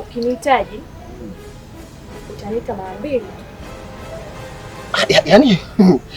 ukinihitaji utaniita mara mbili. Ah, yaani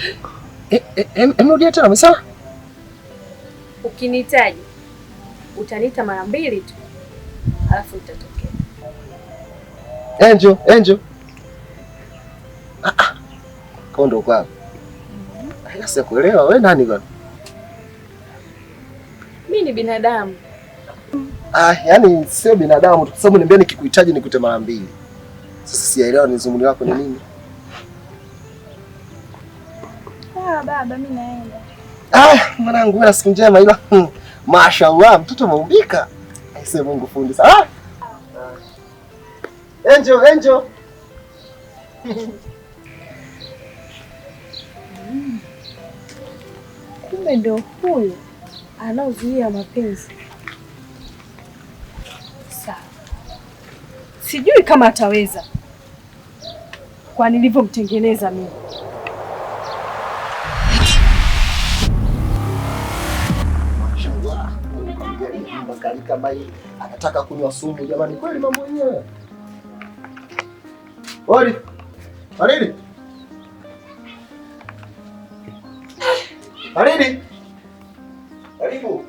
eh, eh, emrudia tena msa, ukinihitaji utaniita mara mbili tu, alafu utatokea. enjo enjo Ah, kondo ah. kwa mm-hmm. sikuelewa. We nani bwana? Mi ni binadamu. Ah, yani sio binadamu kwa sababu niambia nikikuhitaji nikute mara mbili. Sasa sijaelewa ni zungumzo lako ni nini? Ah, baba mimi naenda. Ah, mwanangu wewe siku njema ila hmm, mashaallah mtoto maumbika. Aisee Mungu fundi sana. Ah. ah. Enjo, enjo. Kumbe ndio huyu anaozuia mapenzi. Sijui kama ataweza kwa nilivyomtengeneza mimi. anataka kunywa sumu jamani, kweli mambo yenyewe. Ori, Aridi, Aridi, karibu.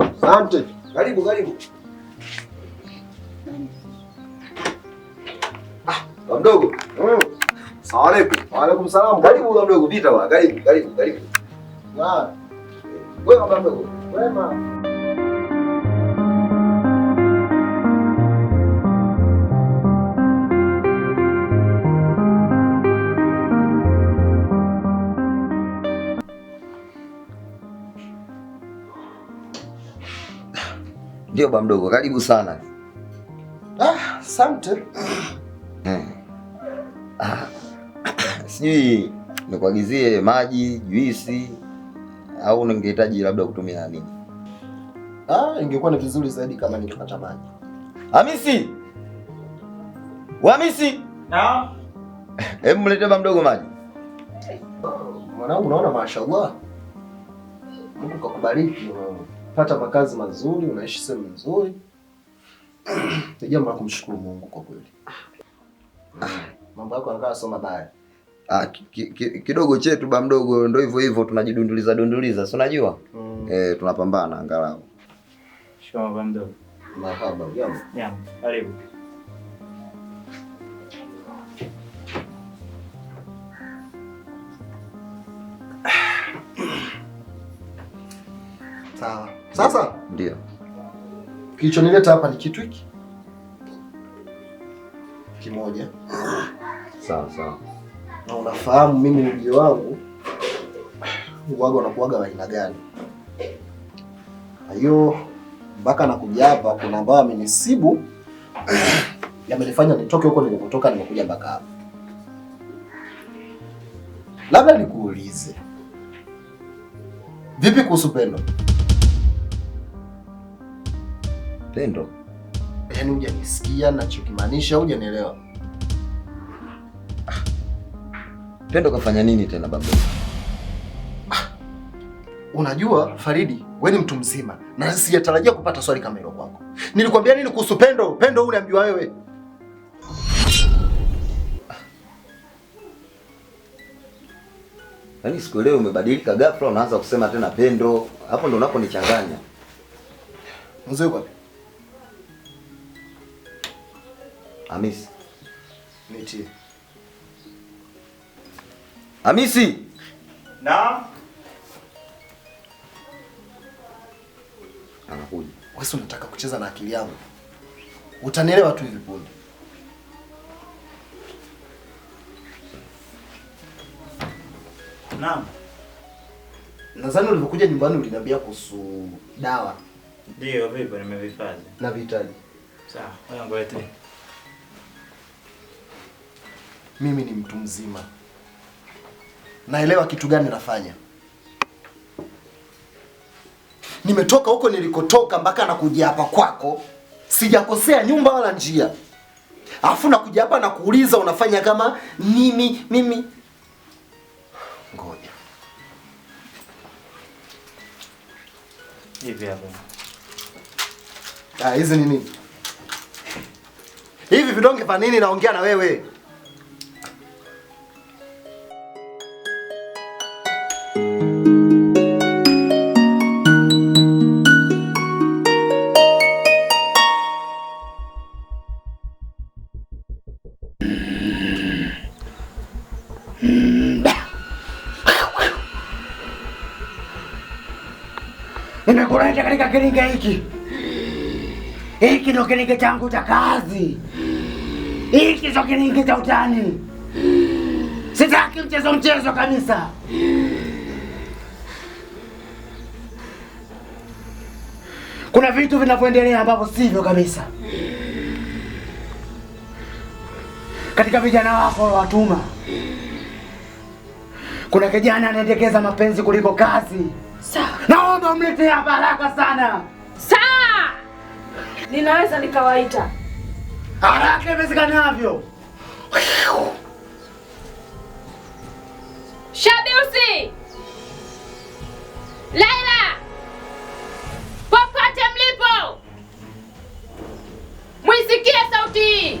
Asante, karibu karibu. mdogo. Salamu alaykum. Wa alaykum salaam. Karibu bwana mdogo, pita bwana. Karibu, karibu, karibu. Ah. Wewe bwana mdogo. Wema. Ndio bwana mdogo, karibu sana. Ah, asante. Eh. sijui nikuagizie maji, juisi au ningehitaji labda kutumia nini? Ah, ingekuwa ni vizuri zaidi kama ningepata maji. Hamisi, Hamisi, naam, hebu mlete baba mdogo maji. Mwanangu, unaona, mashaallah, Mungu kakubariki, unapata makazi mazuri, unaishi sehemu nzuri. Ni jambo la kumshukuru Mungu kwa kweli. Ah mambo yako yanakaa soma mabaya. Ah, kidogo chetu ba mdogo ndio hivyo hivyo tunajidunduliza dunduliza, si unajua? Mm. Eh, tunapambana angalau. Shikamoo ba mdogo. mahaba jambo. Jambo. Karibu. Sawa. Sasa? Ndio. Kilichonileta hapa ni kitu hiki. Kimoja sawa sawa. Na unafahamu mimi ujio wangu waga wanakuwaga wa aina gani? Kwa hiyo mpaka nakuja hapa, kuna ambao amenisibu yamenifanya nitoke huko nilipotoka, nimekuja mpaka hapa. Labda nikuulize, vipi kuhusu Pendo? Pendo yaani hujanisikia nachokimaanisha, hujanielewa? Pendo kafanya nini tena babu? Ah, unajua Faridi, wewe ni mtu mzima na sijatarajia kupata swali kama hilo kwako. Nilikwambia nini kuhusu Pendo? Pendo ule amjua wewe. Yaani siku leo umebadilika ghafla unaanza kusema tena Pendo. Hapo ndo unaponichanganya. Mzee wapi? Hamisi. Nitie. Hamisi. Naam. Anakuja. Wewe unataka kucheza na akili yangu? Utanielewa tu hivi punde. Naam. Nadhani ulivyokuja nyumbani uliniambia kuhusu dawa. Ndio, vipo nimevifadhi. Na vitaji. Sawa, ngoja tu. Mimi ni mtu mzima naelewa kitu gani nafanya. Nimetoka huko nilikotoka mpaka nakuja hapa kwako, sijakosea nyumba wala njia, alafu nakuja hapa na kuuliza unafanya kama nini? Mimi ngoja hivi hapo. Ah, hizi ni nini hivi vidonge vya nini? Naongea na wewe Nimekuleta katika kilinge hiki. Hiki ndo kilinge changu cha kazi. Hiki ndo kilinge cha utani. Sitaki mchezo mchezo kabisa. Kuna vitu vinavyoendelea ambavyo sivyo kabisa. katika vijana wako watuma, kuna kijana anaendekeza mapenzi kuliko kazi. Sawa, naomba mletea baraka sana. Sawa, ninaweza nikawaita haraka iwezekanavyo. Shabiusi, Laila, popote mlipo mwisikie sauti hii.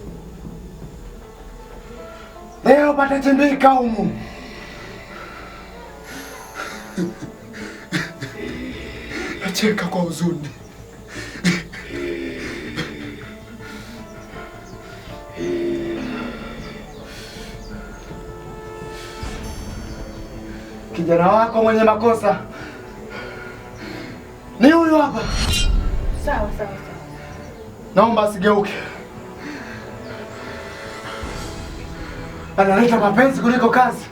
atatembeka humu. Nacheka kwa huzuni. Kijana wako mwenye makosa ni huyu hapa. Sawa sawa sawa, naomba sigeuke analeta mapenzi kuliko kazi.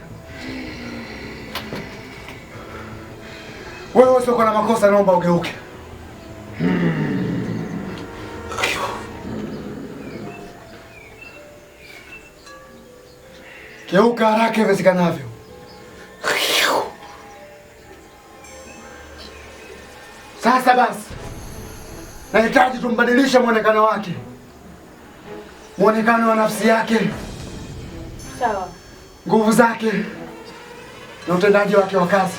Wewe sio na makosa, naomba ugeuke. Geuka haraka iwezekanavyo. Sasa basi, nahitaji tumbadilishe mwonekano wake, mwonekano wa nafsi yake sawa, nguvu zake na utendaji wake wa kazi.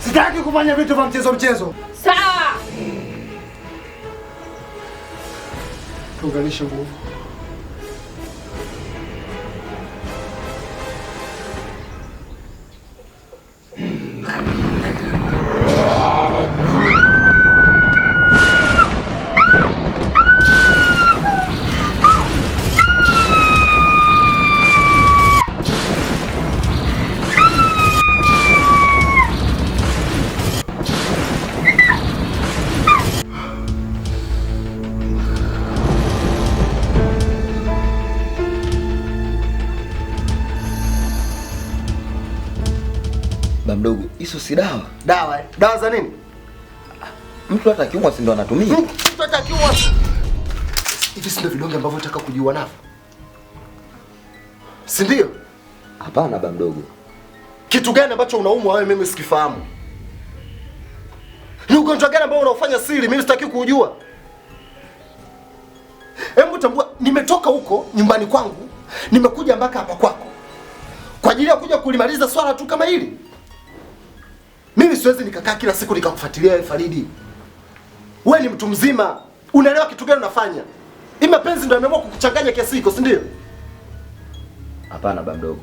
Sitaki kufanya vitu vya mchezo mchezo, sawa? Tuunganishe nguvu Hizo si dawa. Dawa eh? Dawa za nini? Mtu hata kiumwa si ndo anatumia. Mtu hata kiumwa. Hivi si ndo vidonge ambavyo nataka kujiua navyo? Si ndio? Hapana ba mdogo. Kitu gani ambacho unaumwa wewe mimi sikifahamu? Ni ugonjwa gani ambao unaofanya siri mimi sitaki kujua? Hebu tambua nimetoka huko nyumbani kwangu, nimekuja mpaka hapa kwako. Kwa ajili ya kuja kulimaliza swala tu kama hili. Mimi siwezi nikakaa kila siku nikakufuatilia wewe Faridi. Wewe ni mtu mzima, unaelewa kitu gani unafanya? Hii mapenzi ndio yameamua kukuchanganya kiasi hiko, si ndio? Hapana, baba mdogo.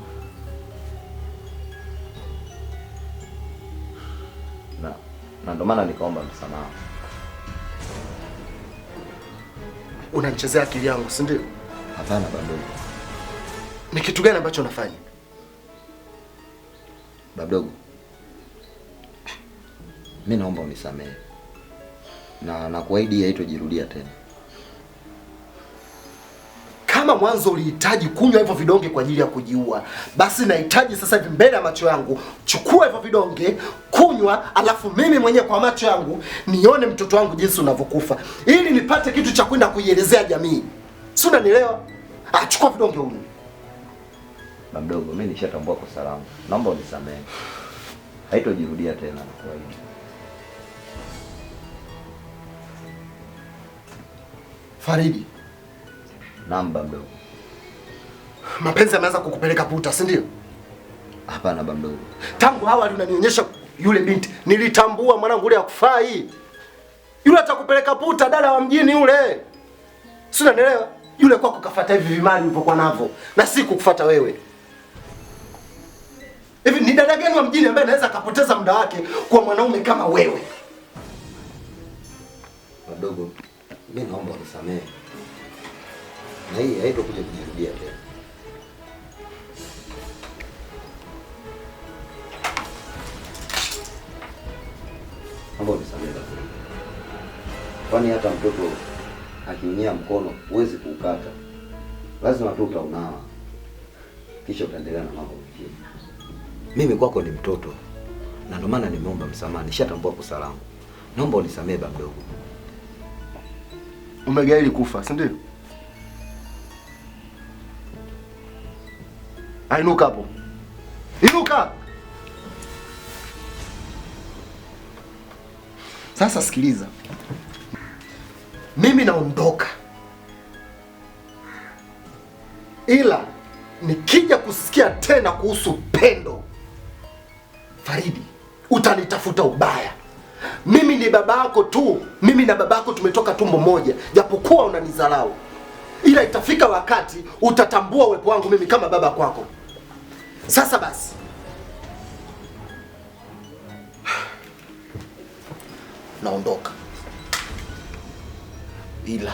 Na na ndio maana nikaomba msamaha. Unanichezea akili yangu, si ndio? Hapana, baba mdogo. Ni kitu gani ambacho unafanya? Baba mdogo mi naomba unisamehe na nakuahidi haitojirudia tena. Kama mwanzo ulihitaji kunywa hivyo vidonge kwa ajili ya kujiua, basi nahitaji sasa hivi mbele ya macho yangu, chukua hivyo vidonge kunywa, alafu mimi mwenyewe kwa macho yangu nione mtoto wangu jinsi unavyokufa, ili nipate kitu cha kwenda kuielezea jamii, si unanielewa? Ah, chukua vidonge unywe. Na mdogo, mimi nishatambua kosa langu, naomba unisamehe, haitojirudia tena, kwa hiyo Faridi. namba mdogo. Mapenzi yameanza kukupeleka puta, si ndio? Hapana baba mdogo. Tangu awali unanionyesha yule binti, nilitambua mwanangu yule hakufai. Yule atakupeleka puta dada wa mjini yule. Si unanielewa? Yule kwako kafuata hivi vimali ulivyokuwa navyo na si kukufuata wewe. Hivi ni dada gani wa mjini ambaye anaweza akapoteza muda wake kwa mwanaume kama wewe? Wadogo mi naomba unisamehe, na hii haitokuja kujirudia tena. Naomba unisamehe, kwani hata mtoto akinyia mkono huwezi kuukata, lazima tu utaunawa, kisha utaendelea na mambo mengine. Mimi kwako ni mtoto, na ndio maana nimeomba msamaha, nishatambua kosa langu. Naomba unisamehe baba mdogo umegaili kufa, si ndio? Ainuka hapo, inuka sasa. Sikiliza, mimi naondoka, ila nikija kusikia tena kuhusu Pendo Faridi, utanitafuta ubaya ni babako tu, mimi na babako tumetoka tumbo moja, japokuwa unanidharau, ila itafika wakati utatambua uwepo wangu mimi kama baba kwako. Sasa basi, naondoka, ila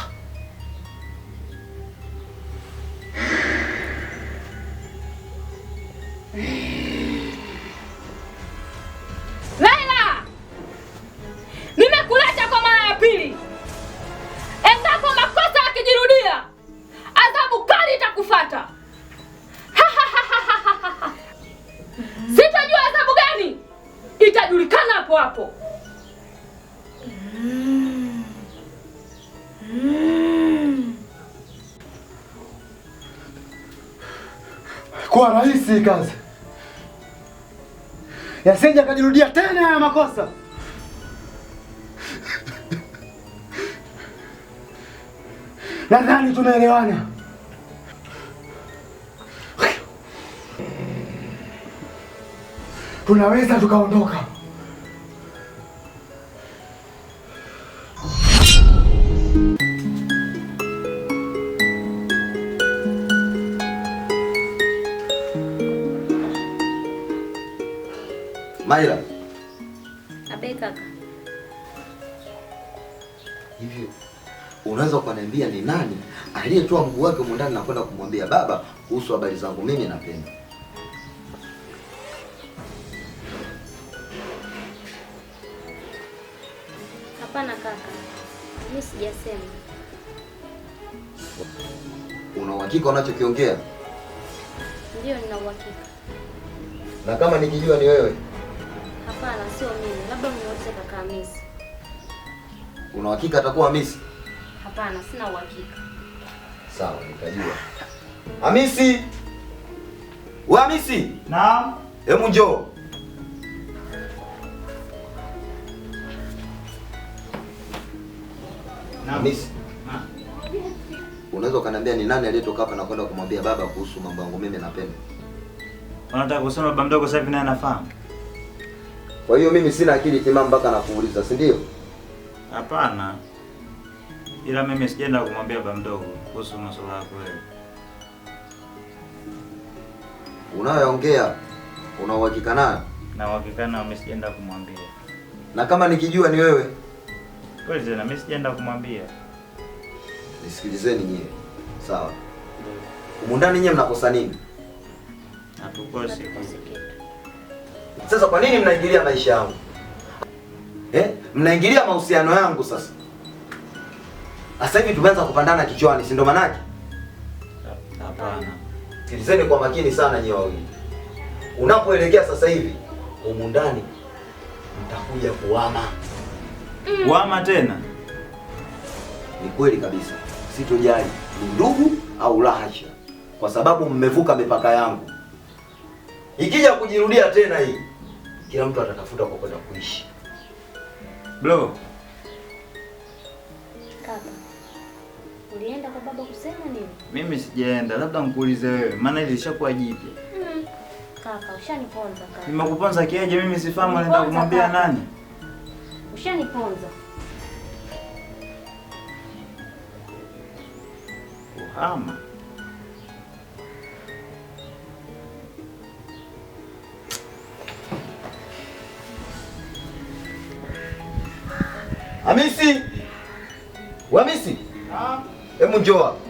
hapo. Kwa rahisi kazi yasije akajirudia tena haya makosa. Nadhani tunaelewana. Tunaweza tukaondoka. aliyetoa mguu wake ndani na kwenda kumwambia baba kuhusu habari zangu mimi napenda. Hapana kaka, mimi sijasema. Una uhakika unachokiongea? Ndio, nina uhakika. Na kama nikijua ni wewe? Hapana, sio mimi. Labda mniulize kaka Hamisi. Una uhakika atakuwa Hamisi? Hapana, sina uhakika. Sawa, nitajua. Hamisi. Wewe Hamisi? Naam. Hebu njoo. Hamisi. Unaweza ukaniambia ni nani aliyetoka hapa na kwenda kumwambia baba kuhusu mambo yangu mimi napenda? Unataka kusema baba mdogo sasa hivi naye anafahamu? Kwa hiyo mimi sina akili timamu mpaka nakuuliza, si ndio? Hapana ila mimi sijaenda kumwambia baba mdogo kuhusu masuala yako wewe. Unayoongea una uhakika nayo? Na uhakika nao, mimi sijaenda kumwambia. Na kama nikijua ni wewe kweli, tena mimi sijaenda kumwambia. Nisikilizeni nyie, sawa? Humu ndani nyie mnakosa nini? Hatukosi kitu. Sasa kwa nini mnaingilia maisha yangu eh? Mnaingilia mahusiano yangu sasa sasa hivi tumeanza kupandana kichwani, si ndo manake? Hapana. Sikilizeni kwa makini sana nyewe wawili. Unapoelekea sasa hivi humu ndani mtakuja kuama. Mm. Kuama tena? Ni kweli kabisa. Sitojali ni ndugu au lahasha, kwa sababu mmevuka mipaka yangu. Ikija kujirudia tena hii, kila mtu atatafuta kwa kwenda kuishi. Bro. Kaka. Ulienda kwa baba kusema nini? Mimi sijaenda, labda nikuulize wewe, maana ile ilishakuwa jipya. Mm. Kaka, ushaniponza kaka. Nimekuponza kiaje? Mimi sifahamu anaenda kumwambia nani? Ushaniponza. Kuhama. Hamisi. Hamisi. Naam. É mundial.